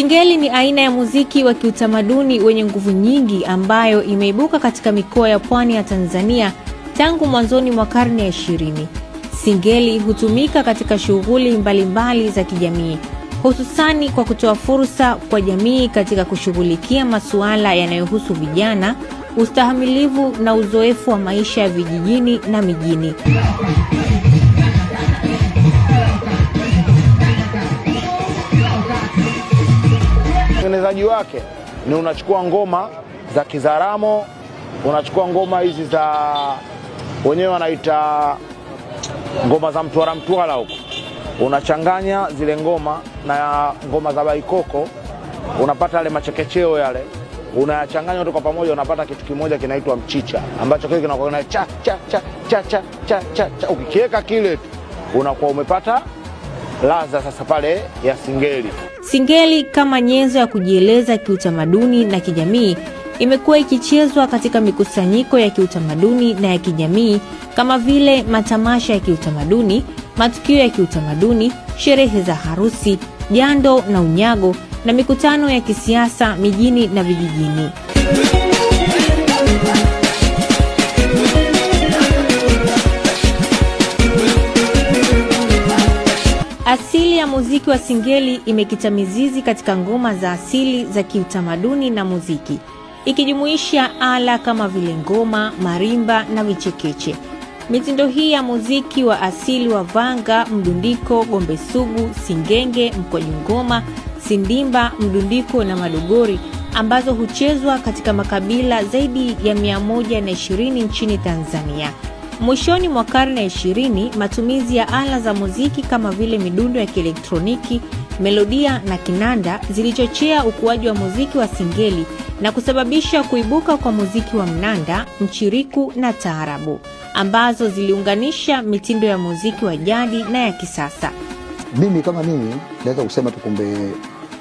Singeli ni aina ya muziki wa kiutamaduni wenye nguvu nyingi ambayo imeibuka katika mikoa ya pwani ya Tanzania tangu mwanzoni mwa karne ya ishirini. Singeli hutumika katika shughuli mbalimbali za kijamii, hususani kwa kutoa fursa kwa jamii katika kushughulikia masuala yanayohusu vijana, ustahamilivu na uzoefu wa maisha ya vijijini na mijini. utunzaji wake ni unachukua ngoma za Kizaramo, unachukua ngoma hizi za wenyewe wanaita ngoma za mtwara mtwara huko, unachanganya zile ngoma na ngoma za baikoko, unapata yale machekecheo yale unayachanganya tu kwa pamoja, unapata kitu kimoja kinaitwa mchicha, ambacho kile kinakuwa kina cha cha cha cha cha cha cha cha. Ukikiweka kile tu unakuwa umepata ladha sasa pale ya singeli. Singeli kama nyenzo ya kujieleza kiutamaduni na kijamii imekuwa ikichezwa katika mikusanyiko ya kiutamaduni na ya kijamii kama vile matamasha ya kiutamaduni, matukio ya kiutamaduni, sherehe za harusi, jando na unyago na mikutano ya kisiasa mijini na vijijini. Asili ya muziki wa singeli imekita mizizi katika ngoma za asili za kiutamaduni na muziki, ikijumuisha ala kama vile ngoma, marimba na vichekeche. Mitindo hii ya muziki wa asili wa vanga, mdundiko, gombe sugu, singenge, mkonyo ngoma, sindimba, mdundiko na madogori ambazo huchezwa katika makabila zaidi ya 120 nchini Tanzania. Mwishoni mwa karne ya 20, matumizi ya ala za muziki kama vile midundo ya kielektroniki, melodia na kinanda zilichochea ukuaji wa muziki wa singeli na kusababisha kuibuka kwa muziki wa mnanda, mchiriku na taarabu ambazo ziliunganisha mitindo ya muziki wa jadi na ya kisasa. Mimi kama mimi naweza kusema tu, kumbe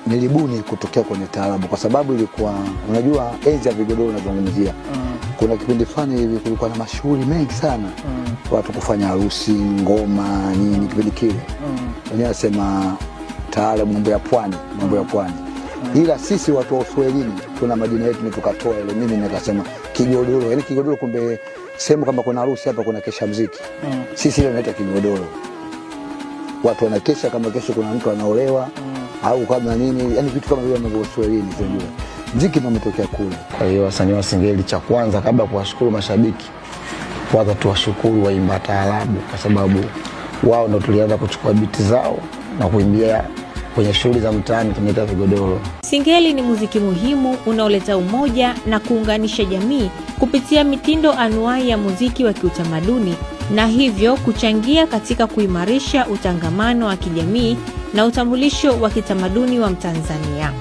nilibuni kutokea kwenye taarabu, kwa sababu ilikuwa unajua enzi ya vigodoro unazungumzia mm. Kuna kipindi fulani hivi kulikuwa na mashughuli mengi sana mm. Watu kufanya harusi, ngoma, nini kipindi kile mm. Wenyewe nasema taara mambo ya pwani, mambo ya mm. pwani mm. Ila sisi watu wa Uswahilini tuna majina yetu tukatoa ile, mimi nikasema kigodoro, yaani kigodoro, kumbe sehemu kama kuna harusi hapa kuna kesha mziki mm. Sisi ile naita kigodoro watu wanakesha kama kesho kuna mtu anaolewa mm. au kama nini, yani vitu kama vile ambavyo Kiswahilini tunajua mziki ndio umetokea kule. Kwa hiyo wasanii wa Singeli, cha kwanza kabla ya kuwashukuru mashabiki, kwanza tuwashukuru waimba taarabu, kwa sababu wao ndo tulianza kuchukua biti zao na kuimbia kwenye shughuli za mtaani tunaita vigodoro. Singeli ni muziki muhimu unaoleta umoja na kuunganisha jamii kupitia mitindo anuai ya muziki wa kiutamaduni na hivyo kuchangia katika kuimarisha utangamano wa kijamii na utambulisho wa kitamaduni wa Mtanzania.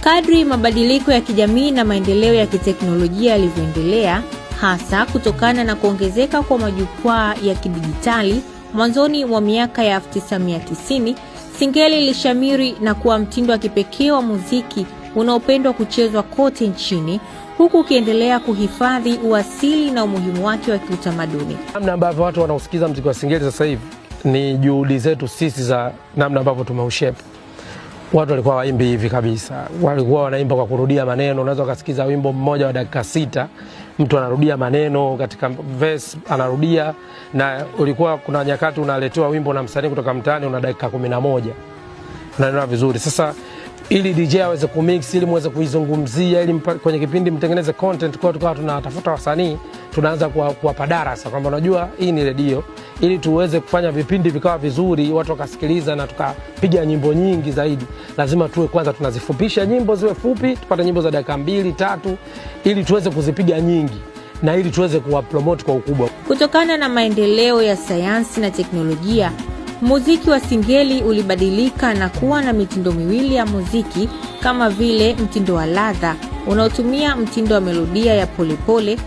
Kadri mabadiliko ya kijamii na maendeleo ya kiteknolojia yalivyoendelea, hasa kutokana na kuongezeka kwa majukwaa ya kidijitali mwanzoni mwa miaka ya 1990, singeli ilishamiri na kuwa mtindo wa kipekee wa muziki unaopendwa kuchezwa kote nchini huku ukiendelea kuhifadhi uasili na umuhimu wake wa kiutamaduni. Namna ambavyo watu wanausikiza mziki wa Singeli sasa hivi ni juhudi zetu sisi za namna ambavyo tumeushepa. Watu walikuwa waimbi hivi kabisa, walikuwa wanaimba kwa kurudia maneno. Unaweza ukasikiza wimbo mmoja wa dakika sita, mtu anarudia maneno katika verse, anarudia na ulikuwa kuna nyakati unaletewa wimbo na msanii kutoka mtaani una dakika kumi na moja, unaelewa vizuri sasa ili DJ aweze kumix ili muweze kuizungumzia ili mpa, kwenye kipindi mtengeneze content kwa tukawa tunatafuta wasanii tunaanza kuwapa darasa kwamba unajua hii ni redio ili tuweze kufanya vipindi vikawa vizuri watu wakasikiliza na tukapiga nyimbo nyingi zaidi lazima tuwe kwanza tunazifupisha nyimbo ziwe fupi tupate nyimbo za dakika mbili tatu ili tuweze kuzipiga nyingi na ili tuweze kuwapromote kwa ukubwa kutokana na maendeleo ya sayansi na teknolojia Muziki wa singeli ulibadilika na kuwa na mitindo miwili ya muziki kama vile mtindo wa ladha unaotumia mtindo wa melodia ya polepole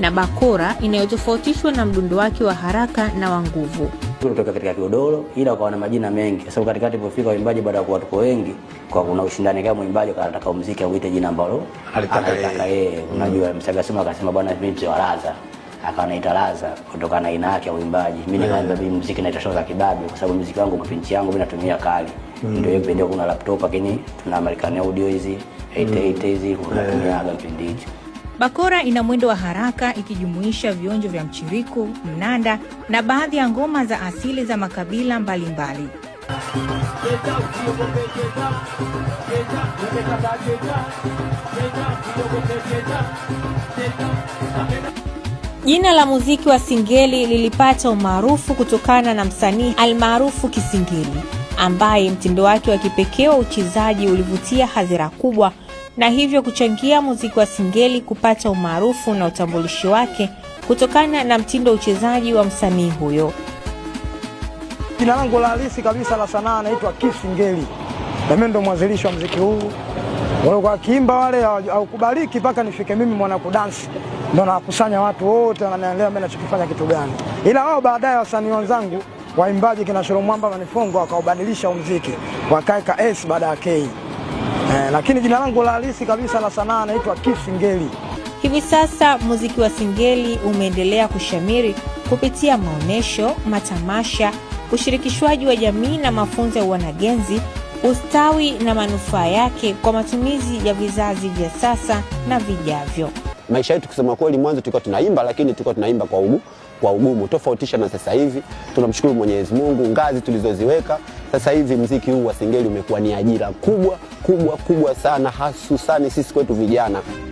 na bakora inayotofautishwa na mdundo wake wa haraka na wa nguvu tu kutoka katika kiodoro, ila ukawa na majina mengi, kwa sababu katikati pofika waimbaji baada ya kuwa tuko wengi, kwa kuna ushindani kama mwimbaji anataka muziki auite jina ambalo alitaka yeye. Mm. Unajua Msaga sema akasema bwana, mimi mzee wa raza akawa naita Laza kutokana na aina yake ya uimbaji. Mimi nikaanza mimi muziki naita shoza kibabu, kwa sababu muziki wangu kwa yangu mimi natumia kali. Mm. Ndio hiyo kuna laptop lakini tuna American Audio hizi 88 hizi unatumia mm. kipindi hicho. Bakora ina mwendo wa haraka ikijumuisha vionjo vya mchiriku, mnanda na baadhi ya ngoma za asili za makabila mbalimbali mbali. Jina la muziki wa singeli lilipata umaarufu kutokana na msanii almaarufu Kisingeli ambaye mtindo wake wa kipekee wa uchezaji ulivutia hadhira kubwa na hivyo kuchangia muziki wa singeli kupata umaarufu na utambulishi wake kutokana na mtindo wa uchezaji wa msanii huyo. Jina langu la halisi kabisa la sanaa naitwa kisingeli na mimi ndo mwanzilishi wa mziki huu. Walikuwa wakiimba wale haukubaliki mpaka nifike mimi mwana kudansi, ndo nakusanya watu wote, wananielewa mimi nachokifanya kitu gani. Ila wao baadaye wasanii wenzangu waimbaji kina Shoro Mwamba Manifongo wakaubadilisha umziki, wakaeka S baada ya K eh, lakini jina langu la halisi kabisa la sanaa naitwa kisingeli Hivi sasa muziki wa Singeli umeendelea kushamiri kupitia maonyesho, matamasha, ushirikishwaji wa jamii na mafunzo ya wanagenzi, ustawi na manufaa yake kwa matumizi ya vizazi vya sasa na vijavyo. Maisha yetu kusema kweli, mwanzo tulikuwa tunaimba, lakini tulikuwa tunaimba kwa ugumu, kwa ugumu tofautisha na sasa hivi. Tunamshukuru Mwenyezi Mungu, ngazi tulizoziweka sasa hivi mziki huu wa Singeli umekuwa ni ajira kubwa kubwa kubwa sana, hasusani sisi kwetu vijana.